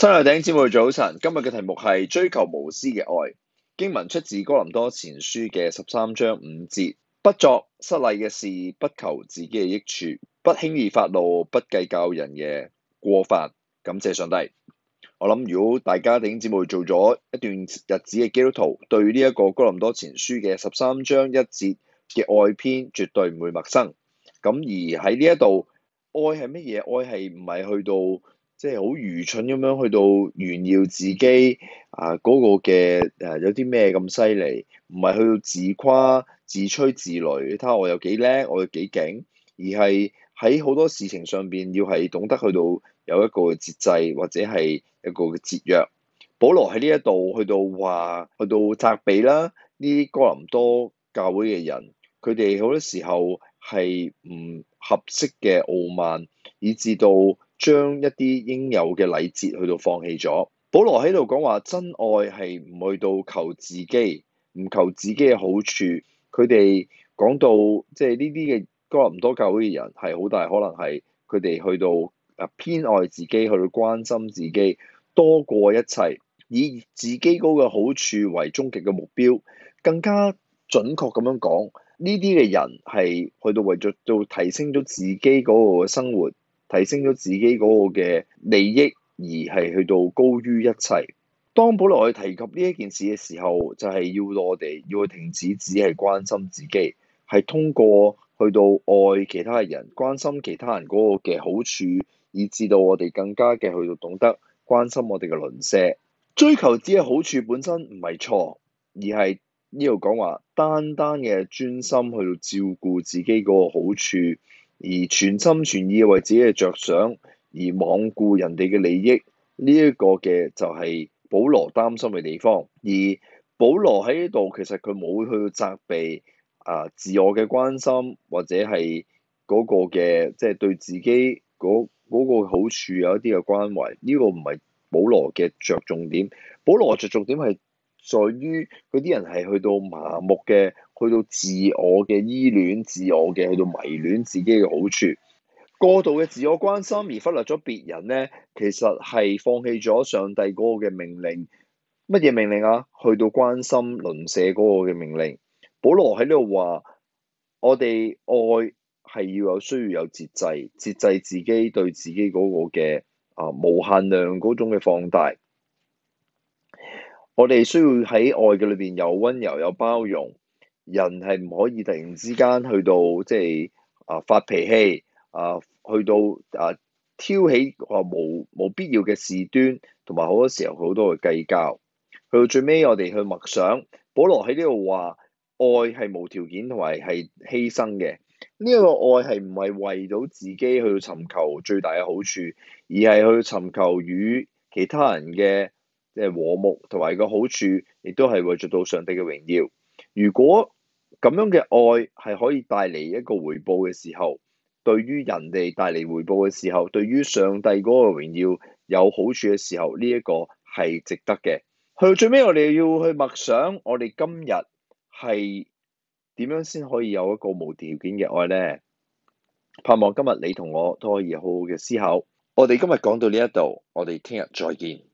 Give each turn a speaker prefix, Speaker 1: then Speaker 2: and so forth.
Speaker 1: 親愛的頂姊妹早晨，今日嘅題目係追求無私嘅愛，經文出自哥林多前書嘅十三章五節，不作失禮嘅事，不求自己嘅益處，不輕易發怒，不計較人嘅過犯。感謝上帝，我諗如果大家頂姊妹做咗一段日子嘅基督徒，對呢一個哥林多前書嘅十三章一節嘅愛篇絕對唔會陌生。咁而喺呢一度，愛係乜嘢？愛係唔係去到？即係好愚蠢咁樣去到炫耀自己啊！嗰、那個嘅誒、啊、有啲咩咁犀利？唔係去到自誇、自吹自擂，睇下我有幾叻，我有幾勁，而係喺好多事情上邊要係懂得去到有一個節制或者係一個嘅節約。保羅喺呢一度去到話，去到責備啦呢啲哥林多教會嘅人，佢哋好多時候係唔合適嘅傲慢，以致到，將一啲應有嘅禮節去到放棄咗。保羅喺度講話，真愛係唔去到求自己，唔求自己嘅好處。佢哋講到即係呢啲嘅哥林多教會嘅人係好大可能係佢哋去到啊偏愛自己，去到關心自己多過一切，以自己嗰個好處為終極嘅目標。更加準確噉樣講，呢啲嘅人係去到為咗到提升咗自己嗰個生活。提升咗自己嗰個嘅利益，而係去到高於一切。當保羅去提及呢一件事嘅時候，就係、是、要我哋要去停止只係關心自己，係通過去到愛其他人、關心其他人嗰個嘅好處，以至到我哋更加嘅去到懂得關心我哋嘅鄰舍。追求自己嘅好處本身唔係錯，而係呢度講話單單嘅專心去到照顧自己嗰個好處。而全心全意為自己嘅着想，而罔顧人哋嘅利益，呢一個嘅就係保羅擔心嘅地方。而保羅喺呢度其實，佢冇去責備啊自我嘅關心，或者係嗰個嘅即係對自己嗰嗰個好處有一啲嘅關懷，呢個唔係保羅嘅着重點，保羅着重點係在於嗰啲人係去到麻木嘅。去到自我嘅依戀，自我嘅去到迷戀自己嘅好處，過度嘅自我關心而忽略咗別人呢，其實，係放棄咗上帝嗰個嘅命令。乜嘢命令啊？去到關心鄰舍嗰個嘅命令。保羅喺呢度話，我哋愛係要有需要有節制，節制自己對自己嗰個嘅啊無限量嗰種嘅放大。我哋需要喺愛嘅裏邊有溫柔，有包容。人係唔可以突然之間去到即係、就是、啊發脾氣啊去到啊挑起個、啊、無冇必要嘅事端，同埋好多時候好多嘅計較。去到最尾，我哋去默想，保羅喺呢度話愛係無條件同埋係犧牲嘅。呢一個愛係唔係為到自己去尋求最大嘅好處，而係去尋求與其他人嘅即係和睦同埋個好處，亦都係為咗到上帝嘅榮耀。如果咁樣嘅愛係可以帶嚟一個回報嘅時候，對於人哋帶嚟回報嘅時候，對於上帝嗰個榮耀有好處嘅時候，呢一個係值得嘅。去到最尾，我哋要去默想，我哋今日係點樣先可以有一個無條件嘅愛呢？盼望今日你同我都可以好好嘅思考。我哋今日講到呢一度，我哋聽日再見。